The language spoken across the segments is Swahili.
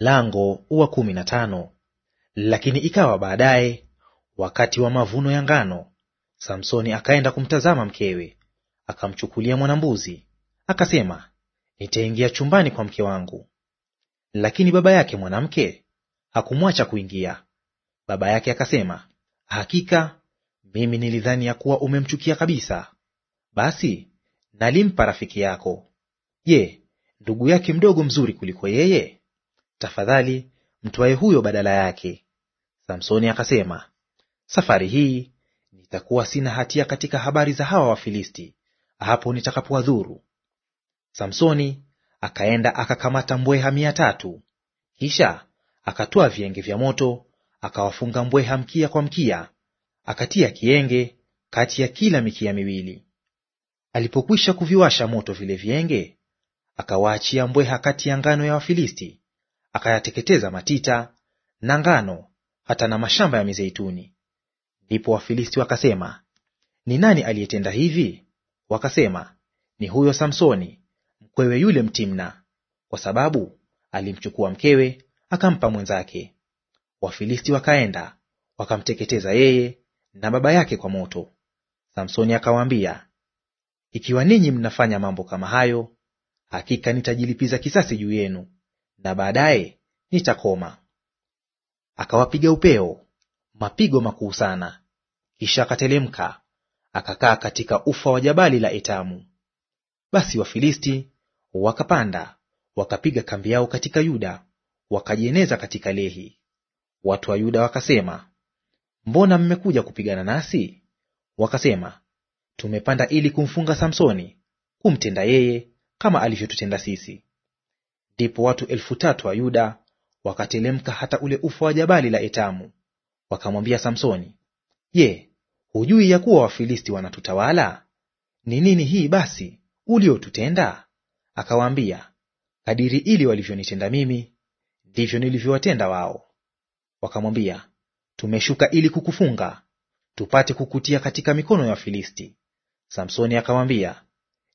Lango wa kumi na tano. Lakini ikawa baadaye, wakati wa mavuno ya ngano, Samsoni akaenda kumtazama mkewe, akamchukulia mwanambuzi, akasema, nitaingia chumbani kwa mke wangu. Lakini baba yake mwanamke hakumwacha kuingia. Baba yake akasema, hakika mimi nilidhani ya kuwa umemchukia kabisa, basi nalimpa rafiki yako. Je, ndugu yake mdogo mzuri kuliko yeye? tafadhali mtwae huyo badala yake. Samsoni akasema, safari hii nitakuwa sina hatia katika habari za hawa Wafilisti hapo nitakapowadhuru. Samsoni akaenda akakamata mbweha mia tatu, kisha akatoa vienge vya moto akawafunga mbweha mkia kwa mkia, akatia kienge kati ya kila mikia miwili. Alipokwisha kuviwasha moto vile vienge, akawaachia mbweha kati ya ngano ya Wafilisti akayateketeza matita na ngano hata na mashamba ya mizeituni. Ndipo Wafilisti wakasema, ni nani aliyetenda hivi? Wakasema, ni huyo Samsoni mkwewe yule Mtimna, kwa sababu alimchukua mkewe akampa mwenzake. Wafilisti wakaenda wakamteketeza yeye na baba yake kwa moto. Samsoni akawaambia, ikiwa ninyi mnafanya mambo kama hayo, hakika nitajilipiza kisasi juu yenu na baadaye nitakoma. Akawapiga upeo mapigo makuu sana, kisha akatelemka akakaa katika ufa wa jabali la Etamu. Basi Wafilisti wakapanda wakapiga kambi yao katika Yuda, wakajieneza katika Lehi. Watu wa Yuda wakasema, mbona mmekuja kupigana nasi? Wakasema, tumepanda ili kumfunga Samsoni, kumtenda yeye kama alivyotutenda sisi. Ndipo watu elfu tatu wa Yuda wakatelemka hata ule ufa wa jabali la Etamu, wakamwambia Samsoni, Je, hujui ya kuwa Wafilisti wanatutawala? Ni nini hii basi uliotutenda? Akawaambia, kadiri ili walivyonitenda mimi, ndivyo nilivyowatenda wao. Wakamwambia, tumeshuka ili kukufunga, tupate kukutia katika mikono ya Wafilisti. Samsoni akawaambia,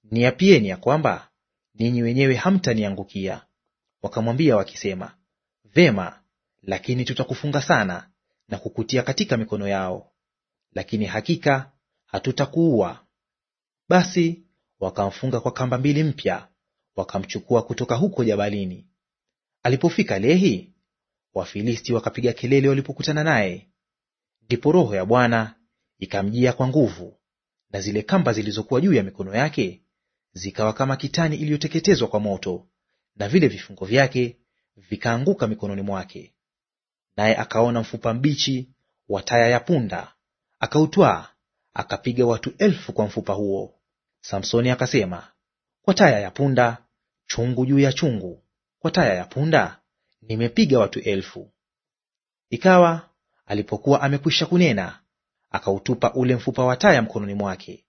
niapieni ya kwamba ninyi wenyewe hamtaniangukia, Wakamwambia wakisema, Vema, lakini tutakufunga sana na kukutia katika mikono yao, lakini hakika hatutakuua. Basi wakamfunga kwa kamba mbili mpya, wakamchukua kutoka huko jabalini. Alipofika Lehi, Wafilisti wakapiga kelele walipokutana naye. Ndipo Roho ya Bwana ikamjia kwa nguvu, na zile kamba zilizokuwa juu ya mikono yake zikawa kama kitani iliyoteketezwa kwa moto, na vile vifungo vyake vikaanguka mikononi mwake. Naye akaona mfupa mbichi wa taya ya punda, akautwaa, akapiga watu elfu kwa mfupa huo. Samsoni akasema, kwa taya ya punda, chungu juu ya chungu, kwa taya ya punda nimepiga watu elfu. Ikawa alipokuwa amekwisha kunena, akautupa ule mfupa wa taya mkononi mwake,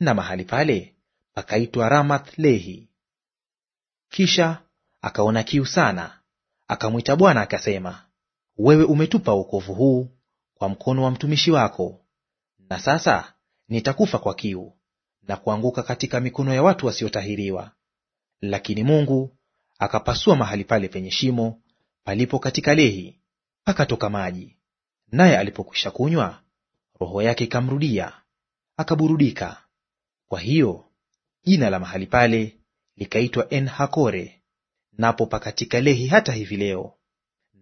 na mahali pale pakaitwa Ramath Lehi. Kisha akaona kiu sana, akamwita Bwana akasema, wewe umetupa wokovu huu kwa mkono wa mtumishi wako, na sasa nitakufa kwa kiu na kuanguka katika mikono ya watu wasiotahiriwa. Lakini Mungu akapasua mahali pale penye shimo palipo katika lehi, pakatoka maji. Naye alipokwisha kunywa, roho yake ikamrudia, akaburudika. Kwa hiyo jina la mahali pale likaitwa En-Hakore, napo pakatika Lehi hata hivi leo.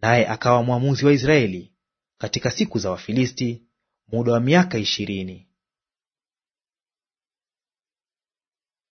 Naye akawa mwamuzi wa Israeli katika siku za Wafilisti muda wa miaka ishirini.